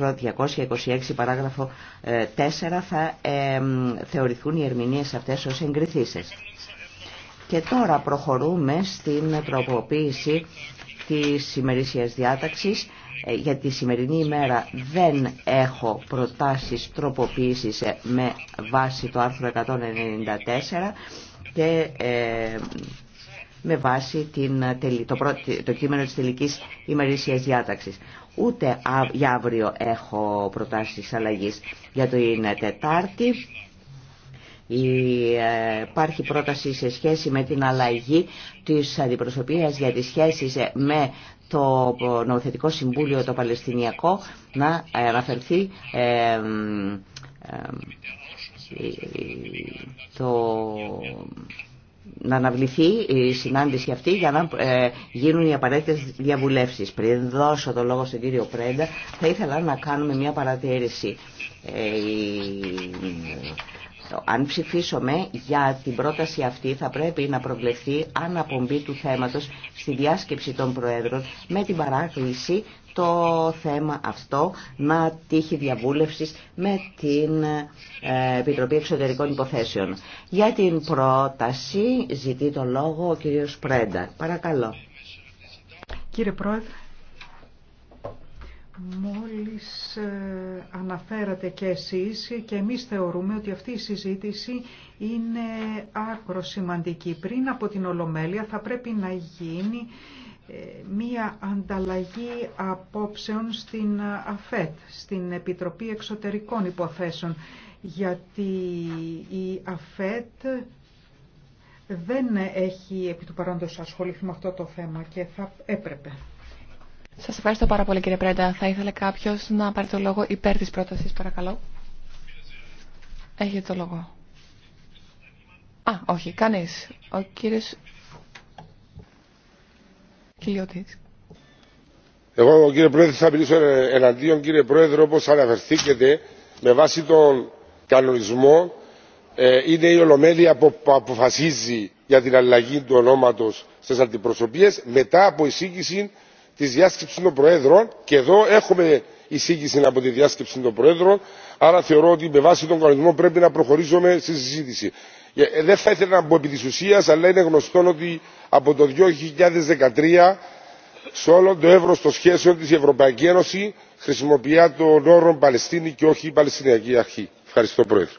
226 παράγραφο 4 ε, θα θεωρηθούν οι ερμηνείες αυτές ως εγκριθήσεις. Και τώρα προχωρούμε στην τροποποίηση της ημερήσιας διάταξης. Ε, Για τη σημερινή ημέρα δεν έχω προτάσεις τροποποίησης ε, με βάση το άρθρο 194 και με βάση την, το, το κείμενο της τελικής ημερήσιας διάταξης. Ούτε για αύριο έχω προτάσεις αλλαγής. Για το είναι Τετάρτη ε, υπάρχει πρόταση σε σχέση με την αλλαγή της αντιπροσωπείας για τις σχέσεις ε, με το Νοοθετικό Συμβούλιο το Παλαιστινιακό να αναφερθεί ε, το να αναβληθεί η συνάντηση αυτή για να ε, γίνουν οι απαραίτητε διαβουλεύσει. Πριν δώσω το λόγο στον κύριο Πρέντα, θα ήθελα να κάνουμε μια παρατήρηση. Ε, αν ψηφίσουμε για την πρόταση αυτή θα πρέπει να προβλεφθεί αναπομπή του θέματος στη διάσκεψη των Προέδρων με την παράκληση το θέμα αυτό να τύχει διαβούλευση με την ε, Επιτροπή Εξωτερικών Υποθέσεων. Για την πρόταση ζητεί το λόγο ο κύριος Πρέντα. Παρακαλώ. Κύριε Πρόεδρε, μόλις ε, αναφέρατε και εσείς και εμείς θεωρούμε ότι αυτή η συζήτηση είναι άκρο σημαντική. Πριν από την Ολομέλεια θα πρέπει να γίνει ε, μία ανταλλαγή απόψεων στην ΑΦΕΤ, στην Επιτροπή Εξωτερικών Υποθέσεων, γιατί η ΑΦΕΤ δεν έχει επί του παρόντος ασχοληθεί με αυτό το θέμα και θα έπρεπε. Σας ευχαριστώ πάρα πολύ κύριε Πρέντα. Θα ήθελε κάποιος να πάρει το λόγο υπέρ της πρότασης, παρακαλώ. Έχετε το λόγο. Α, όχι, κανείς. Ο κύριος εγώ κύριε Πρόεδρε θα μιλήσω εναντίον κύριε Πρόεδρε όπως αναφερθήκετε με βάση τον κανονισμό ε, είναι η Ολομέλεια που αποφασίζει για την αλλαγή του ονόματος στις αντιπροσωπείες μετά από εισήγηση της διάσκεψης των Προέδρων και εδώ έχουμε εισήγηση από τη διάσκεψη των Προέδρων άρα θεωρώ ότι με βάση τον κανονισμό πρέπει να προχωρήσουμε στη συζήτηση. Ε, ε, δεν θα ήθελα να μπω επί της ουσίας αλλά είναι γνωστό ότι από το 2013 σε όλο το εύρος των σχέσεων της Ευρωπαϊκή Ένωση χρησιμοποιεί τον όρο Παλαιστίνη και όχι η Παλαιστινιακή Αρχή. Ευχαριστώ Πρόεδρε.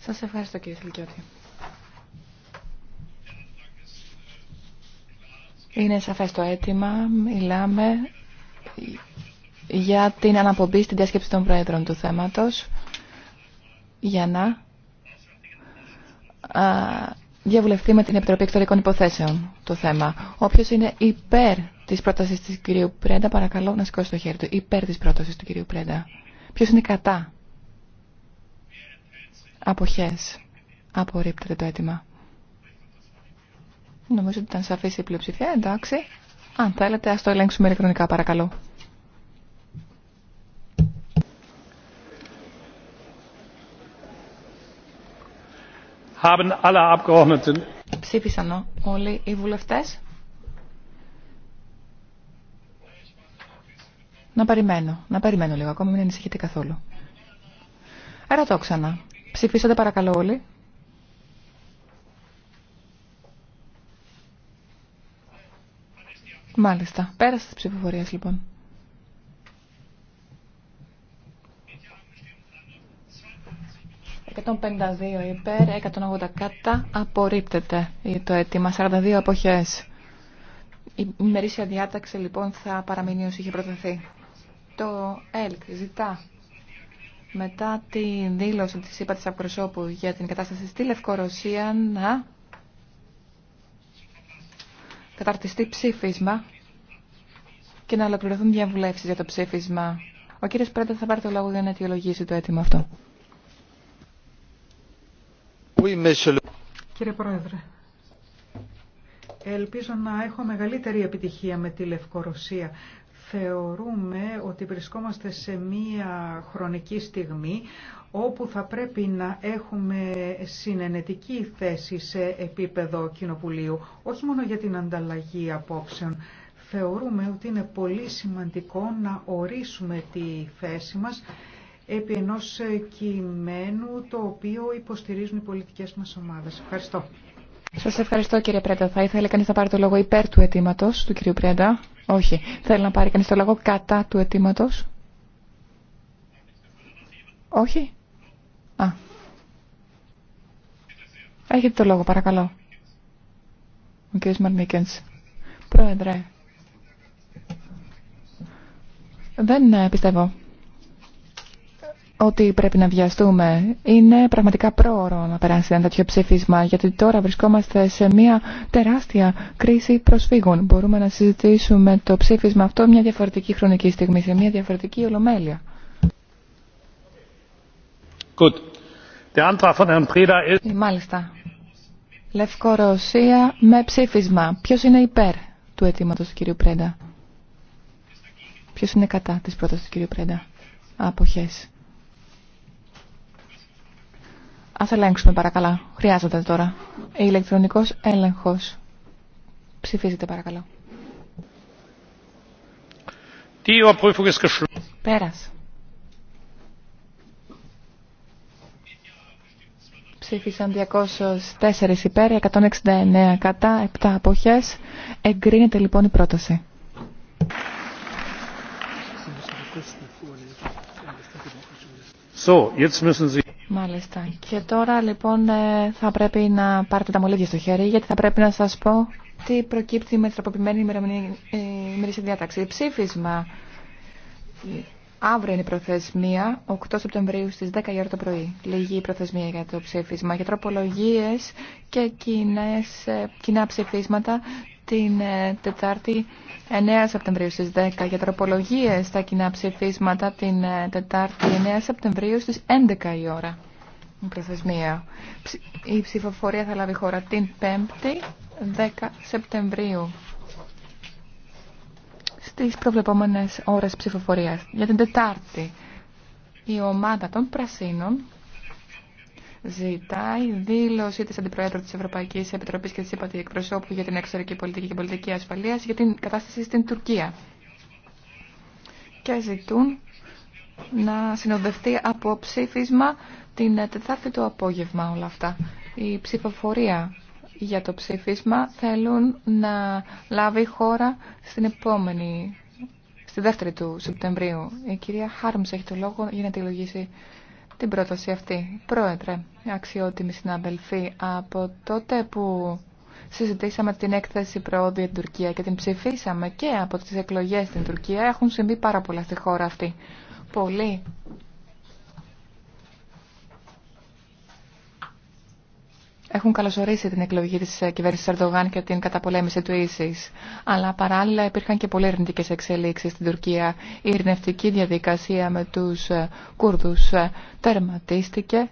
Σας ευχαριστώ κύριε Είναι σαφές το αίτημα, μιλάμε για την αναπομπή στην διάσκεψη των Προέδρων του θέματος για να διαβουλευτεί με την Επιτροπή Εξωτερικών Υποθέσεων το θέμα. Όποιος είναι υπέρ της πρότασης της κυρίου Πρέντα, παρακαλώ να σηκώσει το χέρι του. Υπέρ της πρότασης του κυρίου Πρέντα. Ποιος είναι κατά. Αποχές. Απορρίπτεται το αίτημα. Νομίζω ότι ήταν σαφής η πλειοψηφία. Εντάξει. Αν θέλετε, ας το ελέγξουμε ηλεκτρονικά, παρακαλώ. Haben alle Abgeordneten. Ψήφισαν όλοι οι βουλευτές. Να περιμένω, να περιμένω λίγο, ακόμα μην ανησυχείτε καθόλου. Ερωτώ ξανά. Ψηφίσατε παρακαλώ όλοι. Μάλιστα. Πέρασε τη ψηφοφορία λοιπόν. 152 υπέρ, 180 κατά, απορρίπτεται το αίτημα, 42 αποχές. Η ημερήσια διάταξη λοιπόν θα παραμείνει όσο είχε προτεθεί. Το ΕΛΚ ζητά μετά τη δήλωση της ΥΠΑ της για την κατάσταση στη Λευκορωσία να καταρτιστεί ψήφισμα και να ολοκληρωθούν διαβουλεύσεις για το ψήφισμα. Ο κύριος Πρέντα θα πάρει το λόγο για να αιτιολογήσει το αίτημα αυτό. Κύριε Πρόεδρε, ελπίζω να έχω μεγαλύτερη επιτυχία με τη Λευκορωσία. Θεωρούμε ότι βρισκόμαστε σε μία χρονική στιγμή όπου θα πρέπει να έχουμε συνενετική θέση σε επίπεδο κοινοβουλίου, όχι μόνο για την ανταλλαγή απόψεων. Θεωρούμε ότι είναι πολύ σημαντικό να ορίσουμε τη θέση μας επί ενός ε, κειμένου το οποίο υποστηρίζουν οι πολιτικές μας ομάδες. Ευχαριστώ. Σας ευχαριστώ κύριε Πρέντα. Θα ήθελε κανείς να πάρει το λόγο υπέρ του αιτήματο του κυρίου Πρέντα. Όχι. Θέλει να πάρει κανείς το λόγο κατά του αιτήματο. Όχι. Α. Έχετε το λόγο παρακαλώ. Ο κύριος Μαρνίκενς. Πρόεδρε. Δεν ε, πιστεύω ότι πρέπει να βιαστούμε. Είναι πραγματικά πρόωρο να περάσει ένα τέτοιο ψήφισμα, γιατί τώρα βρισκόμαστε σε μια τεράστια κρίση προσφύγων. Μπορούμε να συζητήσουμε το ψήφισμα αυτό μια διαφορετική χρονική στιγμή, σε μια διαφορετική ολομέλεια. Good. Der Antrag von Herrn Preda ε, Μάλιστα. Λευκορωσία με ψήφισμα. Ποιος είναι υπέρ του αιτήματος του κυρίου Πρέντα. Ποιος είναι κατά της πρότασης του κυρίου Πρέντα. Αποχές. Ας ελέγξουμε παρακαλώ. Χρειάζεται τώρα. Ηλεκτρονικός έλεγχος. Ψηφίζετε παρακαλώ. Πέρας. Ψήφισαν 204 υπέρ, 169 κατά, 7 αποχές. Εγκρίνεται λοιπόν η πρόταση. So, jetzt müssen Μάλιστα. Και τώρα λοιπόν ε, θα πρέπει να πάρετε τα μολύβια στο χέρι γιατί θα πρέπει να σας πω τι προκύπτει με τροποποιημένη ε, ημερήσια διάταξη. Ψήφισμα. Αύριο είναι η προθεσμία, 8 Σεπτεμβρίου στις 10 η ώρα το πρωί. Λίγη η προθεσμία για το ψήφισμα. Για τροπολογίες και ε, κοινά ψηφίσματα την ε, Τετάρτη 9 Σεπτεμβρίου στις 10 για τροπολογίες στα κοινά ψηφίσματα την ε, Τετάρτη 9 Σεπτεμβρίου στις 11 η ώρα. Η προθεσμία. Η ψηφοφορία θα λάβει χώρα την 5η 10 Σεπτεμβρίου στις προβλεπόμενες ώρες ψηφοφορίας. Για την Τετάρτη η ομάδα των Πρασίνων ζητάει δήλωση τη Αντιπροέδρου τη Ευρωπαϊκή Επιτροπή και τη ΕΠΑΤΗ εκπροσώπου για την εξωτερική πολιτική και πολιτική ασφαλεία για την κατάσταση στην Τουρκία και ζητούν να συνοδευτεί από ψήφισμα την Τετάρτη το απόγευμα όλα αυτά. Η ψηφοφορία για το ψήφισμα θέλουν να λάβει χώρα στην επόμενη, στη δεύτερη του Σεπτεμβρίου. Η κυρία Χάρμς έχει το λόγο για να τη λογίσει την πρόταση αυτή. Πρόεδρε, αξιότιμη συναδελφή, από τότε που συζητήσαμε την έκθεση προόδου για την Τουρκία και την ψηφίσαμε και από τις εκλογές στην Τουρκία έχουν συμβεί πάρα πολλά στη χώρα αυτή. Πολλοί έχουν καλωσορίσει την εκλογή της ε, κυβέρνηση Ερντογάν και την καταπολέμηση του ίσης. Αλλά παράλληλα υπήρχαν και πολύ αρνητικέ εξελίξεις στην Τουρκία. Η ειρηνευτική διαδικασία με τους ε, Κούρδους ε, τερματίστηκε.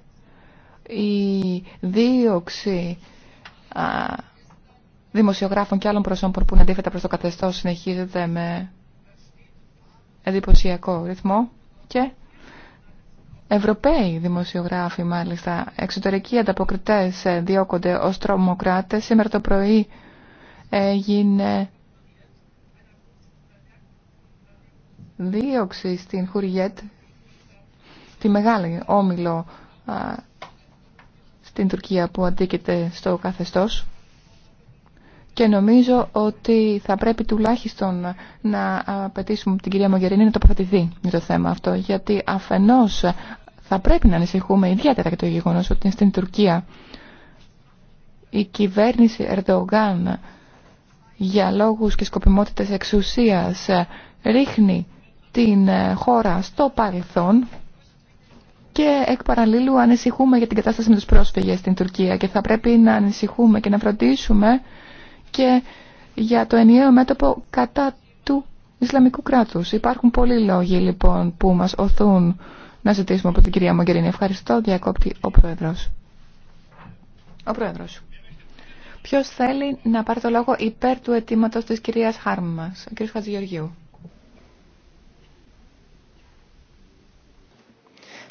Η δίωξη δημοσιογράφων και άλλων προσώπων που είναι αντίθετα προς το καθεστώ συνεχίζεται με εντυπωσιακό ρυθμό και Ευρωπαίοι δημοσιογράφοι μάλιστα, εξωτερικοί ανταποκριτές ε, διώκονται ως τρομοκράτες. Σήμερα το πρωί έγινε δίωξη στην Χουριέτ, τη μεγάλη όμιλο στην Τουρκία που αντίκειται στο καθεστώς. Και νομίζω ότι θα πρέπει τουλάχιστον να απαιτήσουμε την κυρία Μογερίνη να τοποθετηθεί για το θέμα αυτό. Γιατί αφενός θα πρέπει να ανησυχούμε ιδιαίτερα για το γεγονός ότι στην Τουρκία η κυβέρνηση Ερντογάν για λόγους και σκοπιμότητες εξουσίας ρίχνει την χώρα στο παρελθόν και εκ παραλλήλου ανησυχούμε για την κατάσταση με τους πρόσφυγες στην Τουρκία και θα πρέπει να ανησυχούμε και να φροντίσουμε και για το ενιαίο μέτωπο κατά του Ισλαμικού κράτους. Υπάρχουν πολλοί λόγοι λοιπόν που μας οθούν να ζητήσουμε από την κυρία Μογκερίνη. Ευχαριστώ, διακόπτη ο Πρόεδρος. Ο Ποιος θέλει να πάρει το λόγο υπέρ του αιτήματο της κυρίας Χάρμας, ο κύριος Χατζηγεωργίου.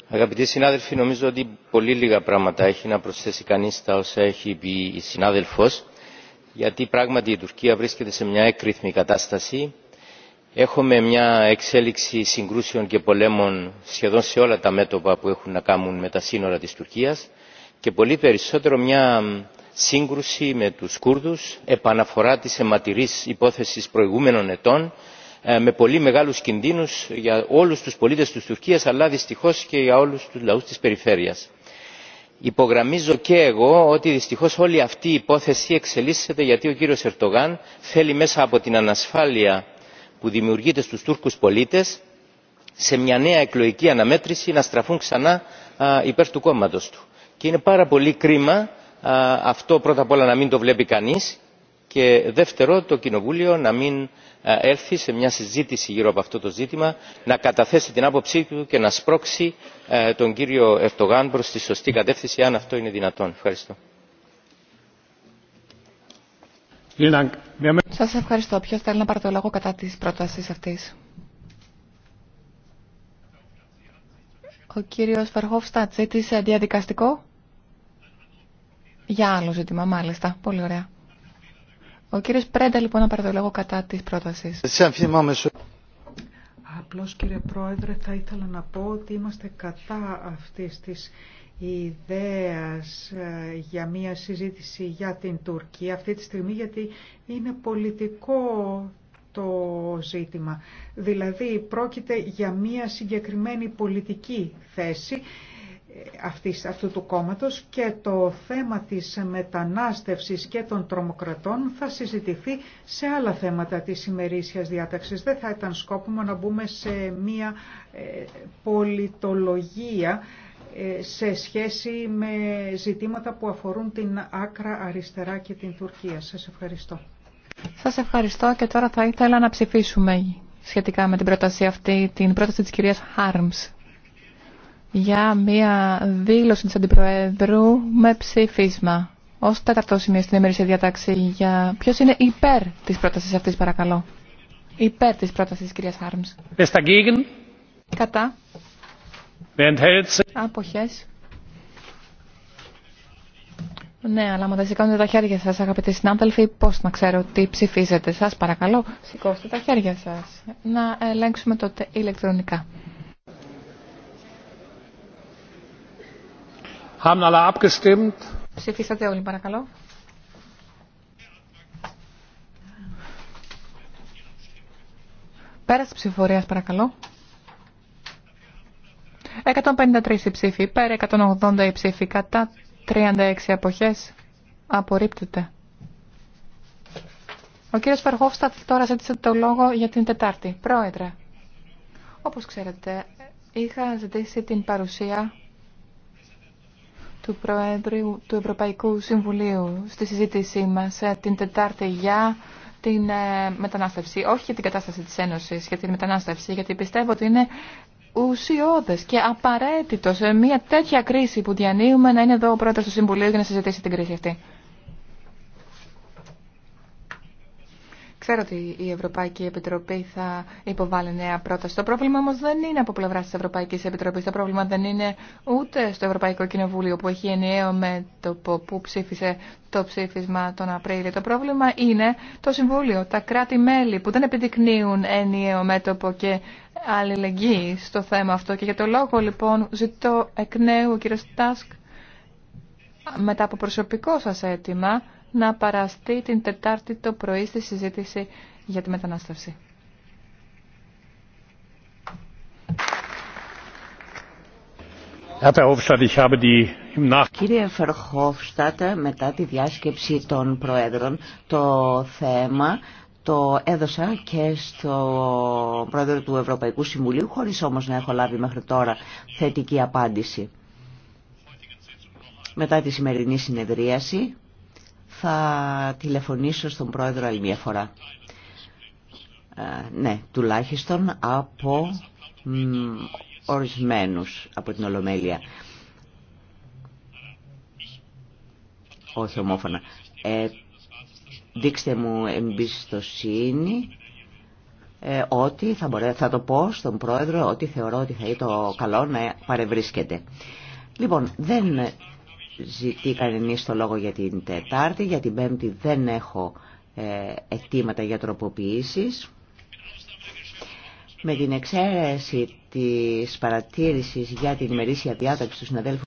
Αγαπητοί συνάδελφοι, νομίζω ότι πολύ λίγα πράγματα έχει να προσθέσει κανείς τα όσα έχει πει η συνάδελφος, γιατί πράγματι η Τουρκία βρίσκεται σε μια έκρηθμη κατάσταση έχουμε μια εξέλιξη συγκρούσεων και πολέμων σχεδόν σε όλα τα μέτωπα που έχουν να κάνουν με τα σύνορα της Τουρκίας και πολύ περισσότερο μια σύγκρουση με τους Κούρδους, επαναφορά της αιματηρής υπόθεσης προηγούμενων ετών ε, με πολύ μεγάλους κινδύνους για όλους τους πολίτες της Τουρκίας αλλά δυστυχώς και για όλους τους λαούς της περιφέρειας. Υπογραμμίζω και εγώ ότι δυστυχώς όλη αυτή η υπόθεση εξελίσσεται γιατί ο κύριος Ερτογάν θέλει μέσα από την ανασφάλεια που δημιουργείται στους Τούρκους πολίτες σε μια νέα εκλογική αναμέτρηση να στραφούν ξανά υπέρ του κόμματος του. Και είναι πάρα πολύ κρίμα αυτό πρώτα απ' όλα να μην το βλέπει κανείς και δεύτερο το Κοινοβούλιο να μην έρθει σε μια συζήτηση γύρω από αυτό το ζήτημα, να καταθέσει την άποψή του και να σπρώξει τον κύριο Ερτογάν προς τη σωστή κατεύθυνση, αν αυτό είναι δυνατόν. Ευχαριστώ. Σας ευχαριστώ. Ποιος θέλει να πάρει το λόγο κατά της πρότασης αυτής. Ο κύριος Φερχόφστατ ζήτησε διαδικαστικό. Για άλλο ζήτημα, μάλιστα. Πολύ ωραία. Ο κύριος Πρέντα, λοιπόν, να πάρει το λόγο κατά της πρότασης. Απλώς, κύριε Πρόεδρε, θα ήθελα να πω ότι είμαστε κατά αυτής της ιδέας ε, για μια συζήτηση για την Τουρκία αυτή τη στιγμή γιατί είναι πολιτικό το ζήτημα. Δηλαδή πρόκειται για μια συγκεκριμένη πολιτική θέση ε, αυτής, αυτού του κόμματος και το θέμα της μετανάστευσης και των τρομοκρατών θα συζητηθεί σε άλλα θέματα της ημερήσιας διάταξης. Δεν θα ήταν σκόπιμο να μπούμε σε μια ε, πολιτολογία ε, σε σχέση με ζητήματα που αφορούν την άκρα αριστερά και την Τουρκία. Σας ευχαριστώ. Σας ευχαριστώ και τώρα θα ήθελα να ψηφίσουμε σχετικά με την πρόταση αυτή, την πρόταση της κυρίας Χάρμς για μία δήλωση της Αντιπροέδρου με ψήφισμα. Ως τέταρτο σημείο στην ημερήσια διατάξη για ποιος είναι υπέρ της πρότασης αυτής παρακαλώ. Υπέρ της πρότασης της κυρίας Χάρμς. Κατά. Αποχές. Ναι, αλλά μου δεν σηκώνετε τα χέρια σας, αγαπητοί συνάδελφοι, πώς να ξέρω τι ψηφίζετε. Σας παρακαλώ, σηκώστε τα χέρια σας. Να ελέγξουμε τότε ηλεκτρονικά. Ψηφίσατε όλοι, παρακαλώ. Πέρας ψηφορίας, παρακαλώ. 153 οι ψήφοι υπέρ, 180 οι ψήφοι κατά, 36 αποχές απορρίπτεται. Ο κύριος Φερχόφστατ τώρα ζήτησε το λόγο για την Τετάρτη. Πρόεδρε, όπως ξέρετε, είχα ζητήσει την παρουσία του Προέδρου του Ευρωπαϊκού Συμβουλίου στη συζήτησή μας ε, την Τετάρτη για την ε, μετανάστευση, όχι για την κατάσταση της Ένωσης για την μετανάστευση, γιατί πιστεύω ότι είναι ουσιώδες και απαραίτητο σε μια τέτοια κρίση που διανύουμε να είναι εδώ ο πρόεδρος του Συμβουλίου για να συζητήσει την κρίση αυτή. Ξέρω ότι η Ευρωπαϊκή Επιτροπή θα υποβάλει νέα πρόταση. Το πρόβλημα όμω δεν είναι από πλευρά τη Ευρωπαϊκή Επιτροπή. Το πρόβλημα δεν είναι ούτε στο Ευρωπαϊκό Κοινοβούλιο που έχει ενιαίο μέτωπο που ψήφισε το ψήφισμα τον Απρίλιο. Το πρόβλημα είναι το Συμβούλιο, τα κράτη-μέλη που δεν επιδεικνύουν ενιαίο μέτωπο και αλληλεγγύη στο θέμα αυτό και για το λόγο λοιπόν ζητώ εκ νέου ο Στάσκ, Τάσκ μετά από προσωπικό σας αίτημα να παραστεί την Τετάρτη το πρωί στη συζήτηση για τη μετανάστευση. Κύριε Φερχόφστατ, μετά τη διάσκεψη των Προέδρων, το θέμα το έδωσα και στο πρόεδρο του Ευρωπαϊκού Συμβουλίου, χωρίς όμως να έχω λάβει μέχρι τώρα θετική απάντηση. Μετά τη σημερινή συνεδρίαση θα τηλεφωνήσω στον πρόεδρο άλλη μια φορά. Ε, ναι, τουλάχιστον από μ, ορισμένους από την Ολομέλεια. Όχι ομόφωνα. Ε, δείξτε μου εμπιστοσύνη ε, ότι θα, μπορέ, θα το πω στον πρόεδρο ότι θεωρώ ότι θα είναι το καλό να παρευρίσκεται. Λοιπόν, δεν ζητεί κανεί το λόγο για την Τετάρτη, για την Πέμπτη δεν έχω ε, αιτήματα για τροποποιήσεις. Με την εξαίρεση της παρατήρησης για την ημερήσια διάταξη του συναδέλφου